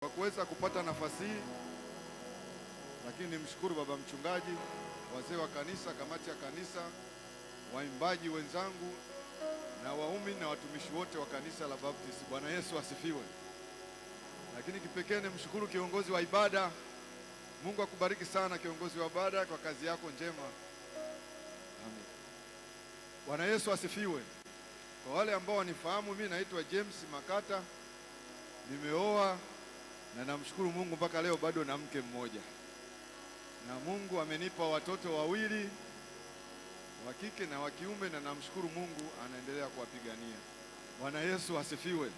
kwa kuweza kupata nafasi hii, lakini nimshukuru baba mchungaji, wazee wa kanisa, kamati ya kanisa, waimbaji wenzangu na waumini na watumishi wote wa kanisa la Baptist. Bwana Yesu asifiwe. Lakini kipekee nimshukuru kiongozi wa ibada. Mungu akubariki sana kiongozi wa ibada kwa kazi yako njema. Amen. Bwana Yesu asifiwe. Kwa wale ambao wanifahamu, mimi naitwa James Makata, nimeoa na namshukuru Mungu mpaka leo bado na mke mmoja, na Mungu amenipa watoto wawili wa kike na wa kiume, na namshukuru Mungu anaendelea kuwapigania. Bwana Yesu asifiwe.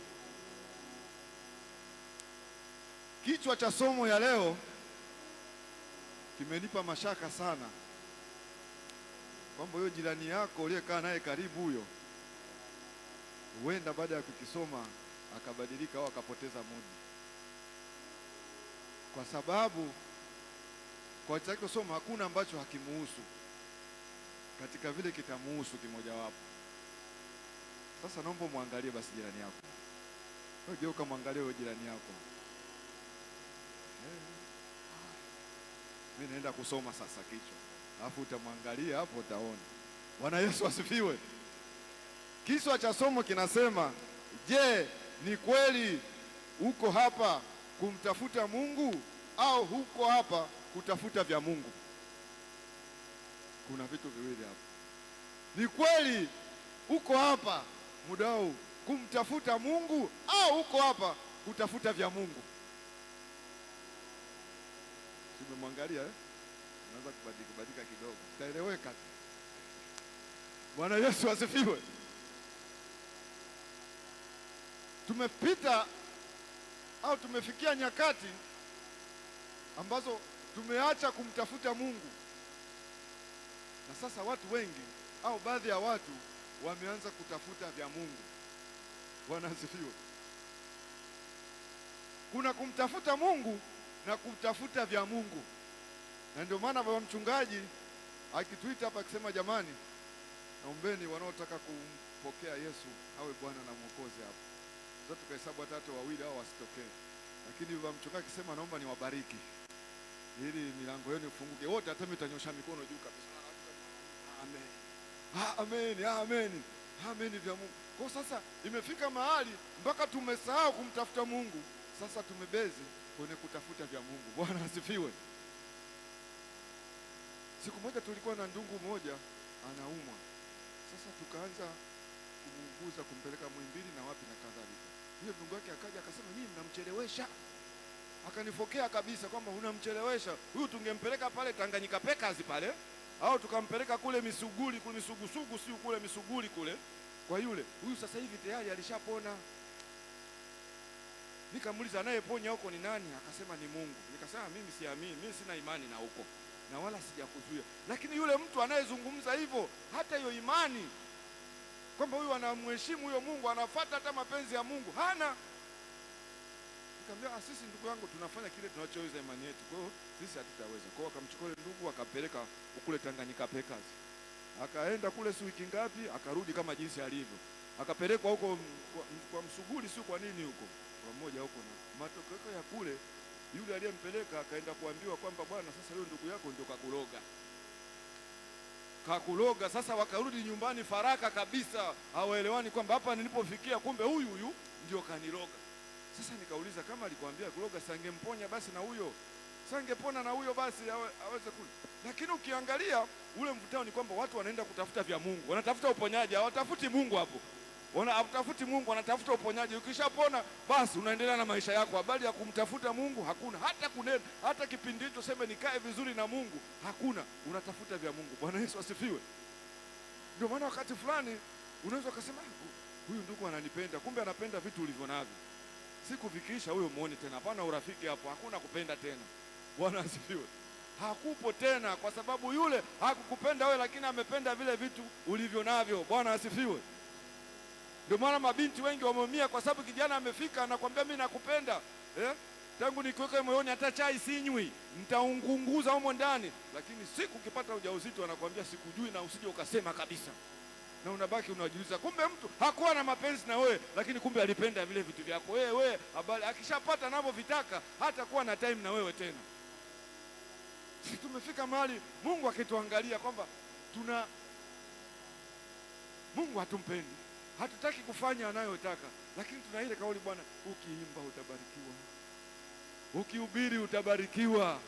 Kichwa cha somo ya leo kimenipa mashaka sana, kwamba huyo jirani yako uliyekaa naye karibu, huyo huenda baada ya kukisoma akabadilika au akapoteza muji kwa sababu kwa chake kusoma hakuna ambacho hakimuhusu katika vile kitamuhusu kimojawapo. Sasa naomba mwangalie basi jirani yako, geuka mwangalie wewe jirani yako. Mimi naenda kusoma sasa kichwa, alafu utamwangalia hapo, utaona. Bwana Yesu asifiwe. kiswa cha somo kinasema, je, ni kweli uko hapa kumtafuta Mungu au huko hapa kutafuta vya Mungu? Kuna vitu viwili hapa. Ni kweli uko hapa muda kumtafuta Mungu au huko hapa kutafuta vya Mungu? Simemwangalia eh? Unaanza kubadilika kubadilika kidogo, taeleweka. Bwana Yesu asifiwe. Tumepita au tumefikia nyakati ambazo tumeacha kumtafuta Mungu, na sasa watu wengi au baadhi ya watu wameanza kutafuta vya Mungu. Bwana asifiwe. Kuna kumtafuta Mungu na kutafuta vya Mungu, na ndio maana baba mchungaji akituita hapa akisema, jamani, naombeni wanaotaka kumpokea Yesu awe Bwana na Mwokozi hapa sasa tukahesabu watatu wawili hao wasitokee, lakini baba mchungaji akisema naomba niwabariki ili milango yenu ifunguke wote, hata mimi nitanyosha mikono juu kabisa. Amen, amen, amen, amen vya Mungu. Kwa sasa imefika mahali mpaka tumesahau kumtafuta Mungu, sasa tumebezi kwenye kutafuta vya Mungu. Bwana asifiwe. Siku moja tulikuwa na ndungu moja anaumwa, sasa tukaanza kumuuguza kumpeleka Muhimbili na wapi na kadhalika. Yule mdogo wake akaja akasema, mimi mnamchelewesha. Akanifokea kabisa kwamba unamchelewesha huyu, tungempeleka pale Tanganyika Packers pale, au tukampeleka kule misuguli kule Misugusugu, si kule misuguli kule kwa yule huyu. Sasa hivi tayari alishapona. nikamuliza anayeponya huko ni nani? Akasema ni Mungu. Nikasema mimi siamini, mimi sina imani na huko na wala sijakuzuia, lakini yule mtu anayezungumza hivyo hata hiyo imani kwamba huyu anamheshimu huyo Mungu, anafuata hata mapenzi ya Mungu, hana Nikamwambia ah, sisi ndugu yangu, tunafanya kile tunachoweza imani yetu, kwa hiyo sisi hatutaweza. Kwa hiyo akamchukua ndugu akapeleka kule Tanganyika Packers, akaenda kule si wiki ngapi, akarudi kama jinsi alivyo, akapelekwa huko kwa, kwa msuguli sio kwa nini huko kwa mmoja huko, na matokeo ya kule, yule aliyempeleka akaenda kuambiwa kwamba bwana, sasa yule ndugu yako ndio kakuroga kakuloga. Sasa wakarudi nyumbani faraka kabisa, hawaelewani kwamba hapa nilipofikia, kumbe huyu huyu ndio kaniloga. Sasa nikauliza kama alikwambia kuloga, sangemponya basi na huyo sangepona na huyo basi aweze kuli. Lakini ukiangalia ule mvutano ni kwamba watu wanaenda kutafuta vya Mungu, wanatafuta uponyaji, hawatafuti Mungu hapo. Ona hamtafuti Mungu, anatafuta uponyaji. Ukishapona basi unaendelea na maisha yako. Habari ya kumtafuta Mungu hakuna, hata kunena, hata kipindi hicho sema nikae vizuri na Mungu hakuna, unatafuta vya Mungu. Bwana Yesu asifiwe. Ndio maana wakati fulani unaweza ukasema ah, huyu ndugu ananipenda, kumbe anapenda vitu ulivyo navyo. Siku vikiisha huyo muone tena, hapana urafiki hapo, hakuna kupenda tena. Bwana asifiwe. Hakupo tena, kwa sababu yule hakukupenda wewe, lakini amependa vile vitu ulivyo navyo. Bwana asifiwe. Ndio maana mabinti wengi wameumia, kwa sababu kijana amefika anakwambia mimi nakupenda eh? tangu nikiweka moyoni, hata chai sinywi, nitaungunguza humo ndani. Lakini siku ukipata ujauzito anakwambia sikujui, na usije ukasema kabisa, na unabaki unajiuliza, kumbe mtu hakuwa na mapenzi na wewe, lakini kumbe alipenda vile vitu vyako wewe. Wewe habari, akishapata anavyovitaka hata kuwa na time na wewe tena. Sisi tumefika mahali Mungu akituangalia kwamba tuna Mungu hatumpendi hatutaki kufanya anayotaka, lakini tuna ile kauli, Bwana, ukiimba utabarikiwa, ukihubiri utabarikiwa,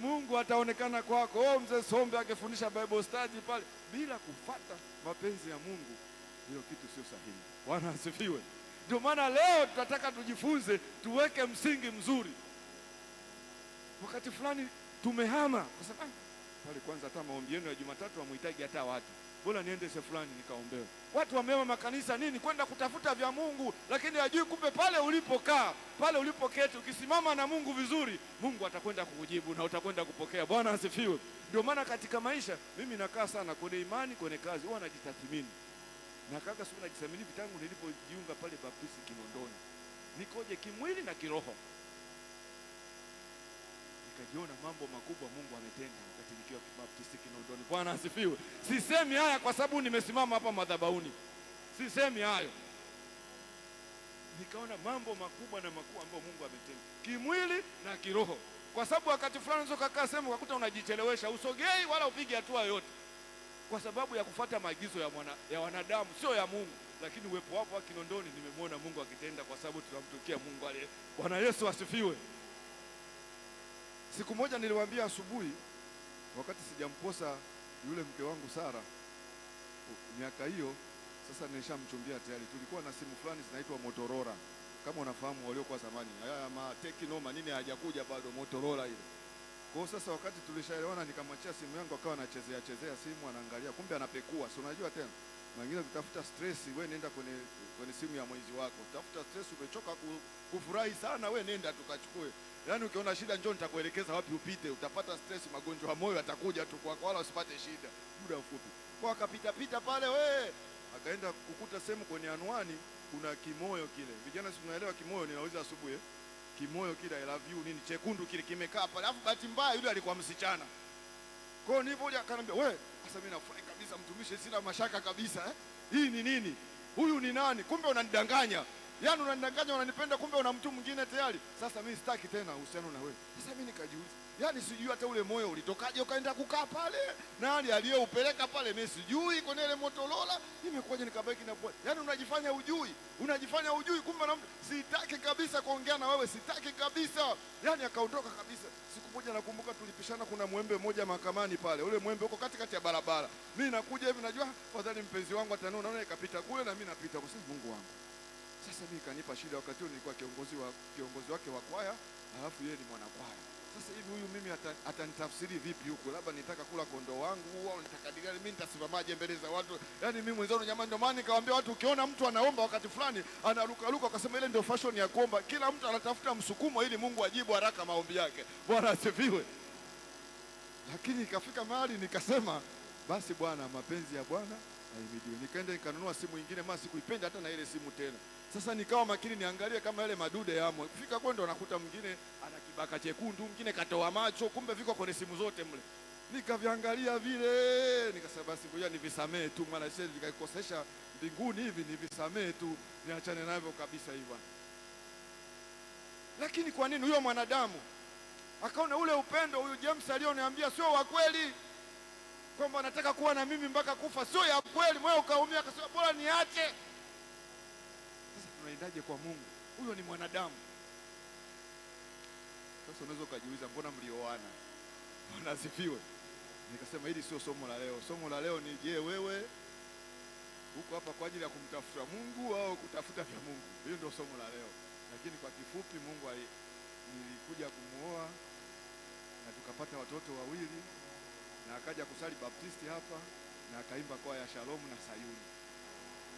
Mungu ataonekana kwako. Oh, mzee Sombe akifundisha Bible study pale bila kufata mapenzi ya Mungu, hiyo kitu sio sahihi. Bwana asifiwe. Ndio maana leo tunataka tujifunze, tuweke msingi mzuri. Wakati fulani tumehama kwa sababu ah, pale, kwanza hata maombi yenu ya Jumatatu hamhitaji hata watu bora niende fulani nikaombewe. Watu wameama makanisa nini, kwenda kutafuta vya Mungu, lakini hajui kumbe pale ulipokaa pale ulipoketi, ukisimama na Mungu vizuri, Mungu atakwenda kukujibu na utakwenda kupokea. Bwana asifiwe. Ndio maana katika maisha mimi nakaa sana kwenye imani, kwenye kazi, huwa najitathmini na kaka siku najitathmini vitangu nilipojiunga pale Baptisti Kinondoni, nikoje kimwili na kiroho nikajiona mambo makubwa Mungu ametenda wakati nikiwa kibaptisti Kinondoni. Bwana asifiwe. Sisemi haya kwa sababu nimesimama hapa madhabahuni, sisemi hayo. Nikaona mambo makubwa na makuu ambayo Mungu ametenda kimwili na kiroho, kwa sababu wakati fulani unaweza kukaa sehemu ukakuta unajichelewesha, usogei wala upige hatua yoyote, kwa sababu ya kufuata maagizo ya, mwana, ya wanadamu sio ya Mungu lakini uwepo wapo wa Kinondoni nimemwona Mungu akitenda, kwa sababu tunamtukia Mungu aliye. Bwana Yesu asifiwe. Siku moja niliwaambia asubuhi, wakati sijamkosa yule mke wangu Sara miaka hiyo sasa, nilishamchumbia tayari. Tulikuwa na simu fulani zinaitwa Motorola, kama unafahamu waliokuwa zamani, haya ma Tecno manini hayajakuja bado, Motorola ile. Kwa sasa, wakati tulishaelewana, nikamwachia simu yangu, akawa anachezea chezea simu, anaangalia, kumbe anapekua. Si unajua tena mwingine kutafuta stress, we nenda kwenye, kwenye simu ya mwenzi wako, tafuta stress, umechoka kufurahi sana, we nenda tukachukue Yaani ukiona shida njoo nitakuelekeza wapi upite, utapata stress, magonjwa ya moyo atakuja tu kwako, wala usipate shida. Muda mfupi kwa akapita pita pale, we akaenda kukuta sehemu kwenye anwani kuna kimoyo kile, vijana si tunaelewa kimoyo, naweza asubuhi eh? Kimoyo kile I love you nini chekundu kile kimekaa pale, alafu bahati mbaya yule alikuwa msichana. Kwa hiyo nilipoja akaniambia, we sasa mimi nafurahi kabisa mtumishi, sina mashaka kabisa eh? Hii ni nini? Huyu ni nani? Kumbe unanidanganya yaani unanidanganya, unanipenda, kumbe una mtu mwingine tayari. Sasa mimi sitaki tena uhusiano na wewe. Sasa mimi nikajiuliza, yaani sijui hata ule moyo ulitokaje ukaenda kukaa pale, nani aliyeupeleka pale, mimi sijui kwenye ile Motorola imekuwaje nikabaki na pole. Yaani unajifanya ujui, unajifanya ujui, kumbe na mtu. Sitaki kabisa kuongea na wewe, sitaki kabisa. Yaani akaondoka kabisa. Siku moja nakumbuka tulipishana, kuna mwembe mmoja mahakamani pale, ule mwembe uko katikati ya barabara, mimi nakuja hivi, najua fadhali mpenzi wangu ataniona, naona ikapita kule na mimi napita, kwa sababu Mungu wangu sasa mimi kanipa shida, wakati huo nilikuwa kiongozi wa kiongozi wake wa kwaya, alafu yeye ni mwanakwaya. Sasa hivi huyu mimi atanitafsiri ata vipi huku? Labda nitaka kula kondoo wangu au nitakadiria mimi nitasimamaje mbele za watu? Yaani mimi mwenzangu, jamani, ndio maana nikawaambia watu, ukiona mtu anaomba wakati fulani anaruka ruka, akasema ile ndio fashion ya kuomba. Kila mtu anatafuta msukumo ili Mungu ajibu haraka maombi yake. Bwana asifiwe. Lakini ikafika mahali nikasema, basi Bwana, mapenzi ya Bwana haibidiwi. Nikaenda nikanunua simu nyingine, maana sikuipenda hata na ile simu tena. Sasa nikawa makini niangalie kama yale madude yamo. Kufika kwenda, nakuta mwingine ana kibaka chekundu, mwingine katoa macho, kumbe viko kwenye simu zote mle. Nikaviangalia vile, nikasema basi ngoja nivisamee tu, maana sisi nikaikosesha mbinguni hivi, nivisamee tu, niachane navyo kabisa hivi bwana. Lakini kwa nini huyo mwanadamu akaona ule upendo huyu James alioniambia sio wa kweli? kwamba anataka kuwa na mimi mpaka kufa, sio ya kweli. Moyo ukaumia akasema bora niache. Sasa tunaendaje kwa Mungu? Huyo ni mwanadamu. Sasa unaweza ukajiuliza, mbona mlioana? Bwana asifiwe. Nikasema hili sio somo la leo. Somo la leo ni je, wewe uko hapa kwa ajili ya kumtafuta Mungu au kutafuta vya Mungu? Hiyo ndio somo la leo, lakini kwa kifupi, Mungu nilikuja kumuoa na tukapata watoto wawili na akaja kusali Baptisti hapa na akaimba kwaya ya Shalomu na Sayuni,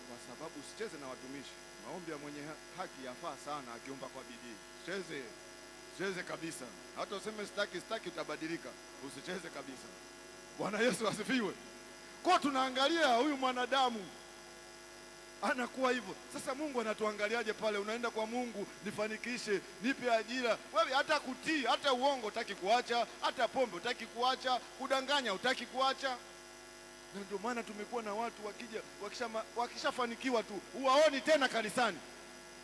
kwa sababu usicheze na watumishi. Maombi ya mwenye haki yafaa sana akiomba kwa bidii. Cheze cheze kabisa, hata useme sitaki sitaki, utabadilika. Usicheze kabisa. Bwana Yesu asifiwe. Kwa tunaangalia huyu mwanadamu anakuwa hivyo. Sasa Mungu anatuangaliaje pale? Unaenda kwa Mungu, nifanikishe, nipe ajira. Wewe hata kutii, hata uongo utaki kuacha, hata pombe utaki kuacha, kudanganya utaki kuacha. Na ndio maana tumekuwa na watu wakija wakishafanikiwa, wakisha tu huwaoni tena kanisani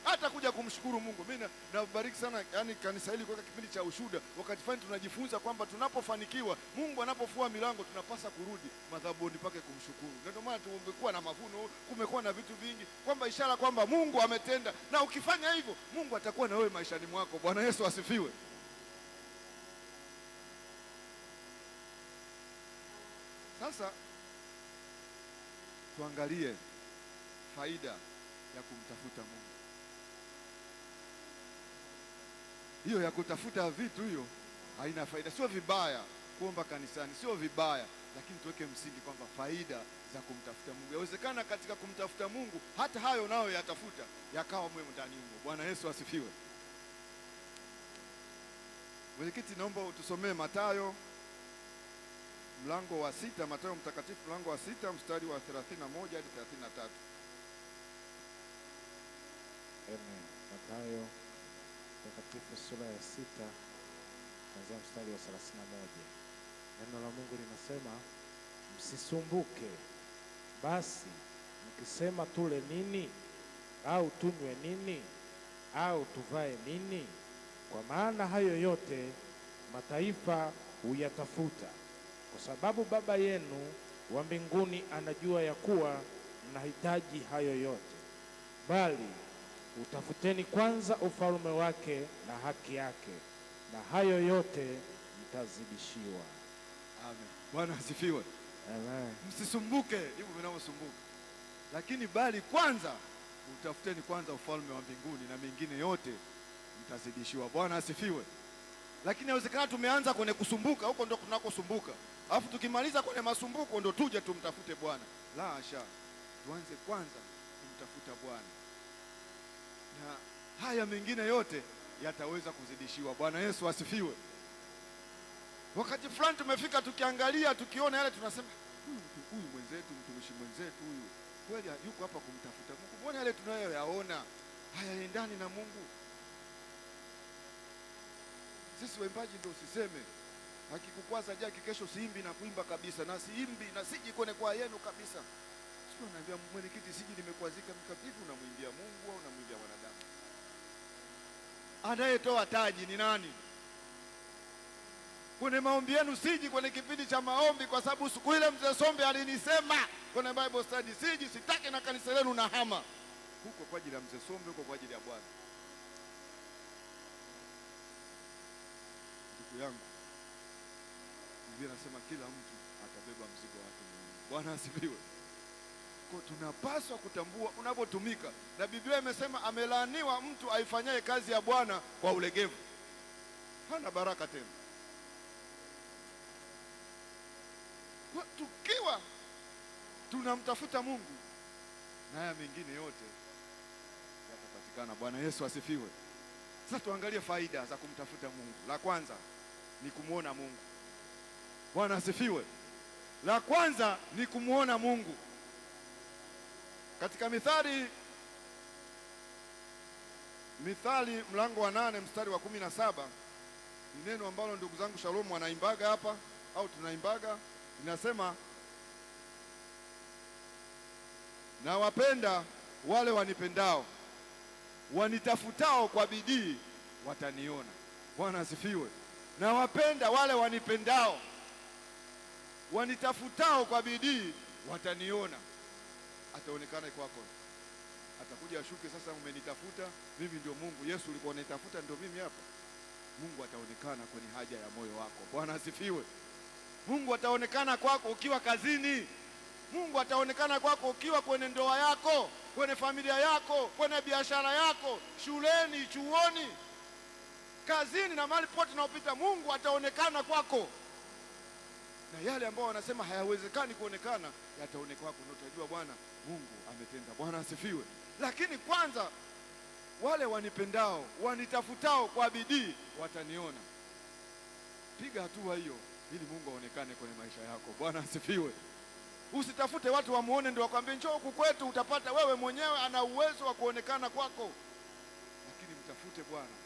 hata kuja kumshukuru Mungu. Mimi nabariki sana yani kanisa hili kwa kipindi cha ushuhuda. Wakati fani tunajifunza kwamba tunapofanikiwa, Mungu anapofua milango, tunapasa kurudi madhabuni pake kumshukuru. Ndio maana tumekuwa na mavuno, kumekuwa na vitu vingi, kwamba ishara kwamba Mungu ametenda, na ukifanya hivyo Mungu atakuwa na wewe maishani mwako. Bwana Yesu asifiwe. Sasa tuangalie faida ya kumtafuta Mungu. hiyo ya kutafuta vitu hiyo haina faida. Sio vibaya kuomba kanisani, sio vibaya, lakini tuweke msingi kwamba faida za kumtafuta Mungu. Yawezekana katika kumtafuta Mungu hata hayo nayo yatafuta yakawa mwemo ndani humo. Bwana Yesu asifiwe. Mwenyekiti, naomba utusomee Mathayo mlango wa sita, Mathayo mtakatifu mlango wa sita mstari wa 31 hadi 33. Amen. Mathayo Mtakatifu sura ya sita kuanzia mstari wa thelathini na moja neno la Mungu linasema msisumbuke basi mkisema tule nini au tunywe nini au tuvae nini, kwa maana hayo yote mataifa huyatafuta, kwa sababu Baba yenu wa mbinguni anajua ya kuwa mnahitaji hayo yote bali Utafuteni kwanza ufalme wake na haki yake, na hayo yote mtazidishiwa. Amen. Bwana asifiwe. Amen. Msisumbuke hivyo vinavyosumbuka, lakini bali kwanza utafuteni kwanza ufalme wa mbinguni na mengine yote mtazidishiwa. Bwana asifiwe. Lakini inawezekana tumeanza kwenye kusumbuka, huko ndo tunakosumbuka, alafu tukimaliza kwenye masumbuko ndo tuje tumtafute Bwana. La hasha, tuanze kwanza kumtafuta Bwana na haya mengine yote yataweza kuzidishiwa. Bwana Yesu asifiwe. Wakati fulani tumefika tukiangalia, tukiona yale, tunasema hmm, huyu mwenzetu, mtumishi mwenzetu huyu kweli yuko hapa kumtafuta Mungu, mbona yale tunayoyaona hayaendani na Mungu? Sisi waimbaji ndio usiseme, akikukwaza jaki, kesho siimbi na kuimba kabisa, na siimbi na sijikone kwa yenu kabisa mtu anaambia mwenyekiti, siji nimekwazika mkapifu, unamwimbia Mungu au unamwimbia wanadamu? Anayetoa taji ni nani? Kwenye maombi yenu siji kwenye kipindi cha maombi, kwa sababu siku ile mzee Sombe alinisema kwenye Bible study, siji sitaki na kanisa lenu na hama huko kwa ajili ya mzee Sombe, huko kwa ajili ya Bwana. Ndugu yangu, Biblia inasema kila mtu atabeba mzigo wake. Bwana asifiwe yako tunapaswa kutambua unapotumika, na Biblia imesema amelaaniwa mtu aifanyaye kazi ya Bwana kwa ulegevu, hana baraka tena. Kwa tukiwa tunamtafuta Mungu, na haya mengine yote yatapatikana. Bwana Yesu asifiwe. Sasa tuangalie faida za kumtafuta Mungu. La kwanza ni kumwona Mungu. Bwana asifiwe. La kwanza ni kumwona Mungu. Katika Mithali, Mithali mlango wa nane mstari wa kumi na saba ni neno ambalo ndugu zangu shalom wanaimbaga hapa au tunaimbaga, inasema na wapenda wale wanipendao, wanitafutao kwa bidii wataniona. Bwana asifiwe. Na wapenda wale wanipendao, wanitafutao kwa bidii wataniona ataonekana kwako, atakuja ashuke. Sasa umenitafuta mimi, ndio Mungu. Yesu ulikuwa unanitafuta, ndio mimi hapa. Mungu ataonekana kwenye haja ya moyo wako. Bwana asifiwe. Mungu ataonekana kwako ukiwa kazini. Mungu ataonekana kwako ukiwa kwenye ndoa yako, kwenye familia yako, kwenye biashara yako, shuleni, chuoni, kazini na mahali pote unaopita, Mungu ataonekana kwako, na yale ambayo wanasema hayawezekani kuonekana yataonekana kwako, na utajua Bwana Mungu ametenda. Bwana asifiwe. Lakini kwanza wale wanipendao wanitafutao kwa bidii wataniona. Piga hatua hiyo ili Mungu aonekane kwenye maisha yako. Bwana asifiwe. Usitafute watu wamuone ndio wakwambie njoo huku kwetu, utapata wewe mwenyewe ana uwezo wa kuonekana kwako, lakini mtafute Bwana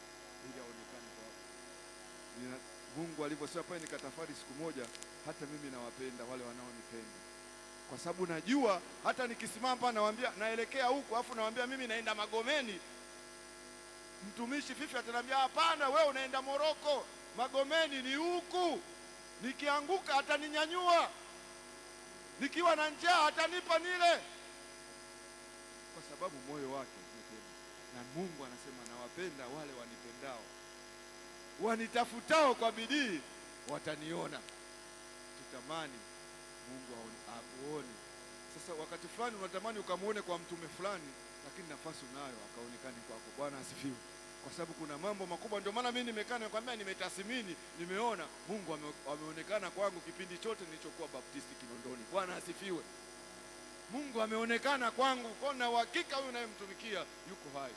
ili aonekane kwako. Mungu alivyosema pale, nikatafari siku moja, hata mimi nawapenda wale wanaonipenda kwa sababu najua hata nikisimama hapa nawaambia naelekea huku, afu nawaambia mimi naenda Magomeni, mtumishi fifi ataniambia hapana, wewe unaenda Moroko, Magomeni ni huku. Nikianguka ataninyanyua, nikiwa na njaa atanipa nile, kwa sababu moyo wake na Mungu anasema nawapenda wale wanipendao, wanitafutao kwa bidii wataniona. Tutamani Mungu akuone. Sasa wakati fulani unatamani ukamwone kwa mtume fulani, lakini nafasi unayo akaonekane kwako. Bwana asifiwe, kwa sababu kuna mambo makubwa. Ndio maana mimi nimekaa nimekwambia, nimetathmini, nimeona Mungu ameonekana kwangu kipindi chote nilichokuwa Baptisti Kinondoni. Bwana asifiwe. Mungu ameonekana kwangu, kwa na uhakika huyu unayemtumikia yuko hai.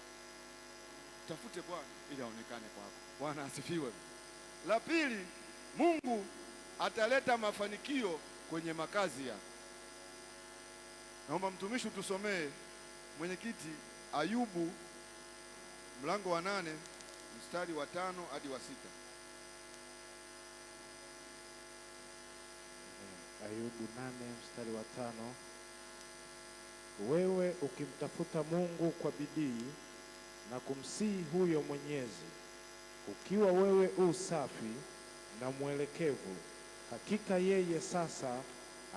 Tafute Bwana ili aonekane kwako. Bwana asifiwe. La pili, Mungu ataleta mafanikio kwenye makazi ya Naomba mtumishi utusomee mwenyekiti, Ayubu mlango wa nane mstari wa tano hadi wa sita. Eh, Ayubu nane mstari wa tano. Wewe ukimtafuta Mungu kwa bidii na kumsihi huyo Mwenyezi, ukiwa wewe u safi na mwelekevu Hakika yeye sasa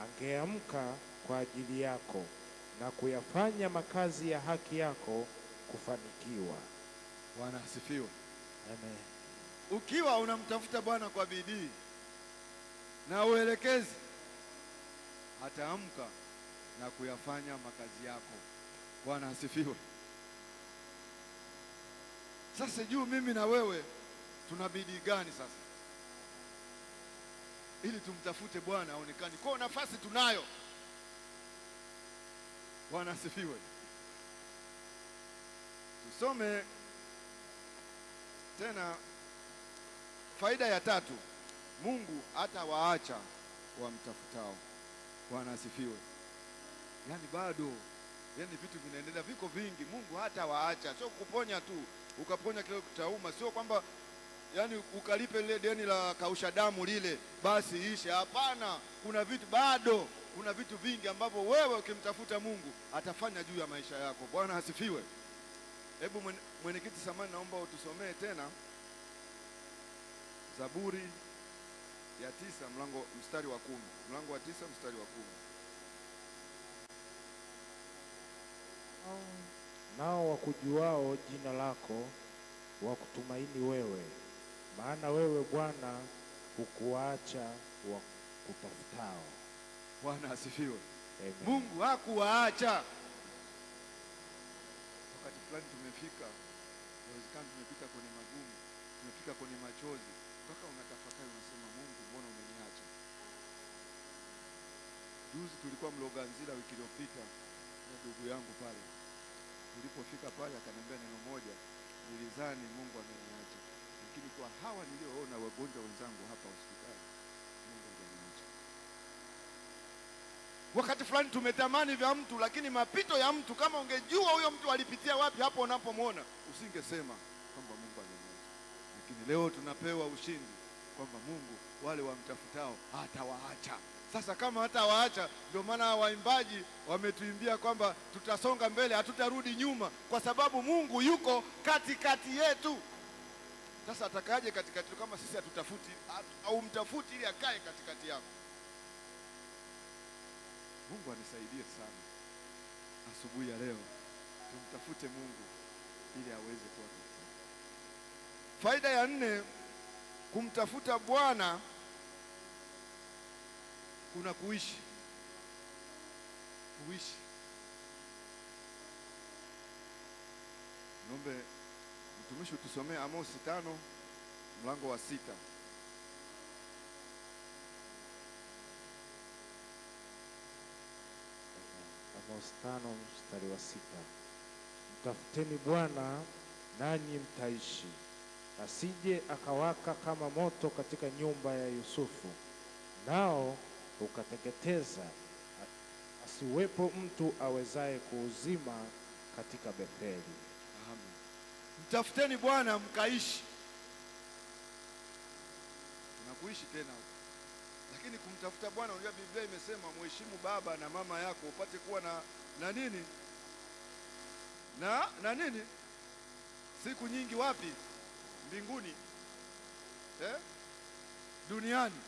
angeamka kwa ajili yako na kuyafanya makazi ya haki yako kufanikiwa. Bwana asifiwe. Amen. Ukiwa unamtafuta Bwana kwa bidii na uelekezi, ataamka na kuyafanya makazi yako. Bwana asifiwe. Sasa juu mimi na wewe tuna bidii gani sasa? ili tumtafute Bwana aonekane. Kwa nafasi tunayo. Bwana asifiwe. Tusome tena faida ya tatu, Mungu hata waacha wamtafutao. Bwana asifiwe. Yaani bado yaani vitu vinaendelea, viko vingi. Mungu hata waacha, sio kuponya tu ukaponya kile utauma, sio kwamba yani ukalipe lile deni la kausha damu lile basi ishe. Hapana, kuna vitu bado, kuna vitu vingi ambavyo wewe ukimtafuta Mungu atafanya juu ya maisha yako. Bwana asifiwe. Hebu mwenyekiti samani, naomba utusomee tena Zaburi ya tisa mlango mstari wa kumi mlango wa tisa mstari wa kumi Nao wakujuao jina lako wakutumaini wewe maana wewe Bwana hukuacha wa kutafutao. Bwana asifiwe. Mungu hakuwaacha. Wakati fulani tumefika, inawezekana tumepita kwenye magumu, tumefika kwenye machozi, mpaka unatafakari unasema, Mungu mbona umeniacha? Juzi tulikuwa Mloganzila wiki iliyopita na ndugu yangu pale, tulipofika pale akaniambia neno moja, nilizani Mungu ameniacha kwa hawa nilioona wagonjwa wenzangu hapa hospitali. Wakati fulani tumetamani vya mtu, lakini mapito ya mtu, kama ungejua huyo mtu alipitia wapi hapo unapomwona, usingesema kwamba Mungu alimwacha Lakini leo tunapewa ushindi kwamba Mungu wale wamtafutao hatawaacha. Sasa kama hatawaacha, ndio maana waimbaji wametuimbia kwamba tutasonga mbele, hatutarudi nyuma, kwa sababu Mungu yuko katikati yetu. Sasa atakaje katikati kama sisi hatutafuti au mtafuti ili akae katikati yako? Mungu anisaidie sana asubuhi ya leo, tumtafute Mungu ili aweze kuwa. Faida ya nne, kumtafuta Bwana kuna kuishi kuishi. Niombe Mtumishi utusomee Amosi tano mlango wa sita. Amosi tano mstari wa sita. Mtafuteni Bwana nanyi mtaishi, asije akawaka kama moto katika nyumba ya Yusufu, nao ukateketeza, asiwepo mtu awezaye kuuzima katika Betheli tafuteni Bwana mkaishi. Tunakuishi tena huko, lakini kumtafuta Bwana, unajua Biblia imesema mheshimu baba na mama yako upate kuwa na, na nini na, na nini siku nyingi wapi? Mbinguni eh? Duniani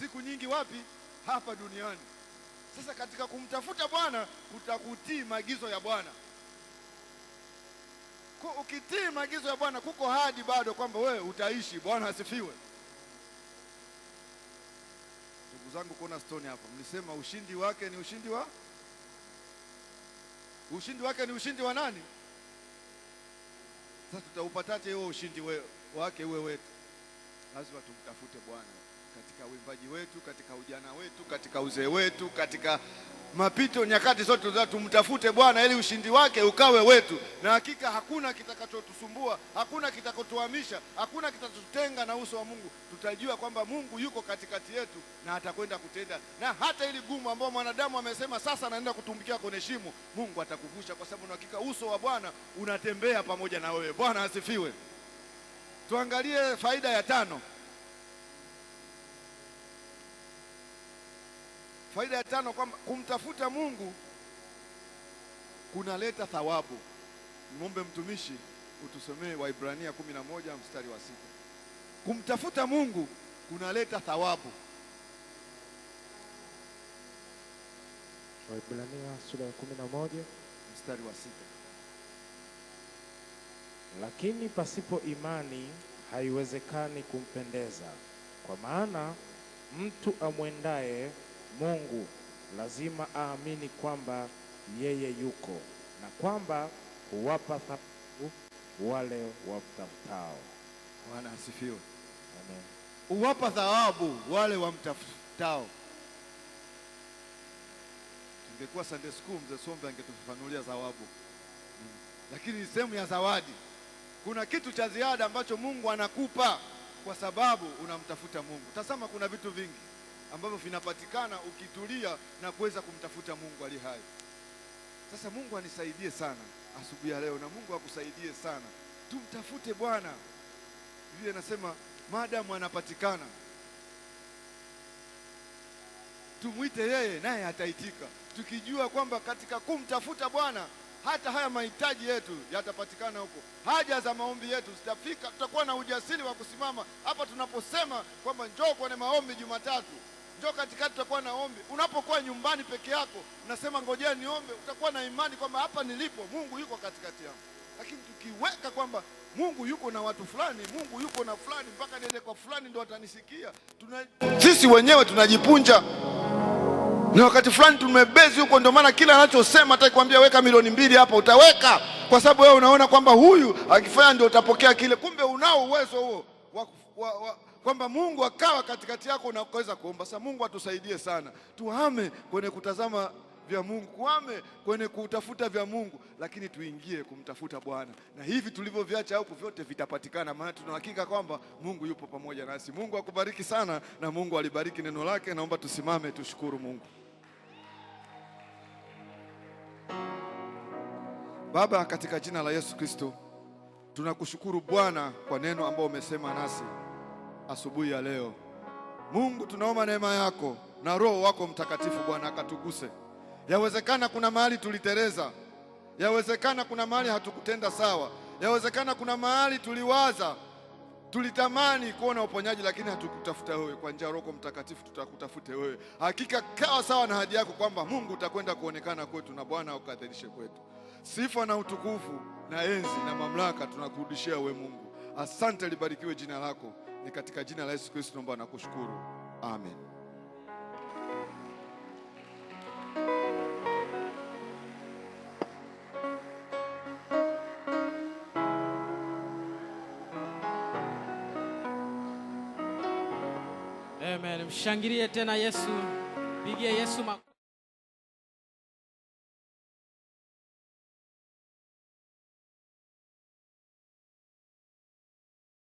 siku nyingi wapi? Hapa duniani. Sasa katika kumtafuta Bwana utakutii maagizo ya Bwana ukitii maagizo ya Bwana kuko hadi bado kwamba wewe utaishi. Bwana asifiwe. Ndugu zangu, kuna stone hapa, mlisema ushindi wake ni ushindi wa ushindi wake ni ushindi wa nani? Sasa tutaupataje huo ushindi we, wake uwe wetu? Lazima tumtafute Bwana katika uimbaji wetu, katika ujana wetu, katika uzee wetu, katika mapito nyakati zote za tumtafute Bwana ili ushindi wake ukawe wetu, na hakika hakuna kitakachotusumbua, hakuna kitakotuhamisha, hakuna kitakachotutenga na uso wa Mungu. Tutajua kwamba Mungu yuko katikati yetu na atakwenda kutenda, na hata ili gumu ambao mwanadamu amesema sasa anaenda kutumbukia kwenye shimo, Mungu atakuvusha, kwa sababu na hakika uso wa Bwana unatembea pamoja na wewe. Bwana asifiwe. Tuangalie faida ya tano. Faida ya tano kwamba kumtafuta Mungu kunaleta thawabu. Niombe mtumishi utusomee Waibrania 11 mstari wa sita. Kumtafuta Mungu kunaleta thawabu. Waibrania sura ya 11 mstari wa sita. Lakini pasipo imani haiwezekani kumpendeza, kwa maana mtu amwendaye Mungu lazima aamini kwamba yeye yuko na kwamba huwapa thawabu wale wamtafutao. Bwana asifiwe. Amen. Huwapa thawabu wale wamtafutao. Tungekuwa Sunday school, mzee Sombe angetufafanulia thawabu, lakini ni sehemu ya zawadi. Kuna kitu cha ziada ambacho Mungu anakupa kwa sababu unamtafuta Mungu. Tazama, kuna vitu vingi ambavyo vinapatikana ukitulia na kuweza kumtafuta Mungu ali hai. Sasa Mungu anisaidie sana asubuhi ya leo, na Mungu akusaidie sana, tumtafute Bwana. Biblia inasema maadamu anapatikana, tumwite yeye naye ataitika, tukijua kwamba katika kumtafuta Bwana hata haya mahitaji yetu yatapatikana huko, haja za maombi yetu zitafika. Tutakuwa na ujasiri wa kusimama hapa tunaposema kwamba njoo kwenye maombi Jumatatu ukitoka katikati utakuwa na ombi. Unapokuwa nyumbani peke yako unasema ngojea niombe, utakuwa na imani kwamba hapa nilipo Mungu yuko katikati yangu. Lakini tukiweka kwamba Mungu yuko na watu fulani, Mungu yuko na fulani, mpaka niende kwa fulani ndio atanisikia, tuna sisi wenyewe tunajipunja na wakati fulani tumebezi huko. Ndio maana kila anachosema hata kuambia weka milioni mbili hapa, utaweka kwa sababu wewe unaona kwamba huyu akifanya ndio utapokea kile, kumbe unao uwezo huo wa, wa, wa kwamba Mungu akawa katikati yako unaweza kuomba. Sasa Mungu atusaidie sana, tuhame kwenye kutazama vya Mungu, kuame kwenye kutafuta vya Mungu, lakini tuingie kumtafuta Bwana, na hivi tulivyoviacha huku vyote vitapatikana, maana tunahakika kwamba Mungu yupo pamoja nasi. Mungu akubariki sana na Mungu alibariki neno lake. Naomba tusimame tushukuru Mungu. Baba, katika jina la Yesu Kristo tunakushukuru Bwana kwa neno ambao umesema nasi asubuhi ya leo. Mungu, tunaomba neema yako na Roho wako Mtakatifu Bwana akatuguse. Yawezekana kuna mahali tulitereza, yawezekana kuna mahali hatukutenda sawa, yawezekana kuna mahali tuliwaza, tulitamani kuona uponyaji, lakini hatukutafuta wewe. Kwa njia ya Roho Mtakatifu tutakutafute wewe. Hakika kawa sawa na hadi yako kwamba Mungu utakwenda kuonekana kwetu na Bwana ukadhirishe kwetu. Sifa na utukufu na enzi na mamlaka tunakurudishia wewe Mungu. Asante, libarikiwe jina lako. Ni katika jina la Yesu Kristo naomba na kushukuru, amen. Amen. Mshangilie tena Yesu, pigie Yesu makofi.